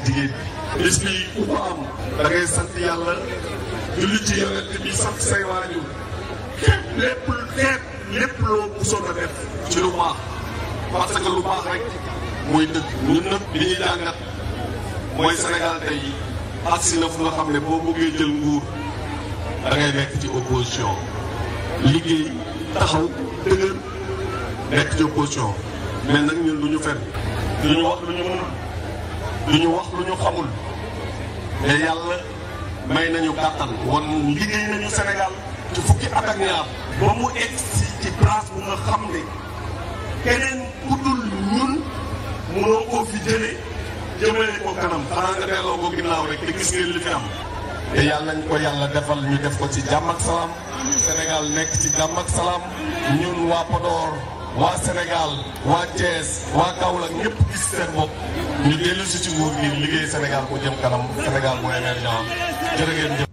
ak jigéen bis bi ku am da sant yàlla julli ci yonent bi sax say waajur xeet lépp loo musoon a def ci lu baax parce que lu baax rek mooy dëgg ñun nag li ñuy jàngat mooy Sénégal tey agsi na fu nga xam ne boo bëggee jël nguur da nekk ci opposition liggéey taxaw dëgër nekk ci opposition mais nag ñun lu ñu fen lu ñu wax lu ñu mënul di ñu wax lu ñu xamul mais yàlla may nañu kàttan won liggéey nañu Sénégal ci fukki at ak ba mu egg si ci place bu nga xam ne keneen ku dul ñun mënoo koo fi jëlee jëmale ko kanam xanaa nga delloo ko ginnaaw rek te gis li fi am te yàlla nañ ko yàlla defal ñu def ko ci jàmm ak salaam Sénégal nekk ci jàmm ak salaam ñun waa Podor waa Sénégal waa Thiès waa Kaolack ñëpp gis seen bopp ñu dellu si ci nguur gi liggéey Sénégal mu jëm kanam Sénégal mu émergent jërë ngeen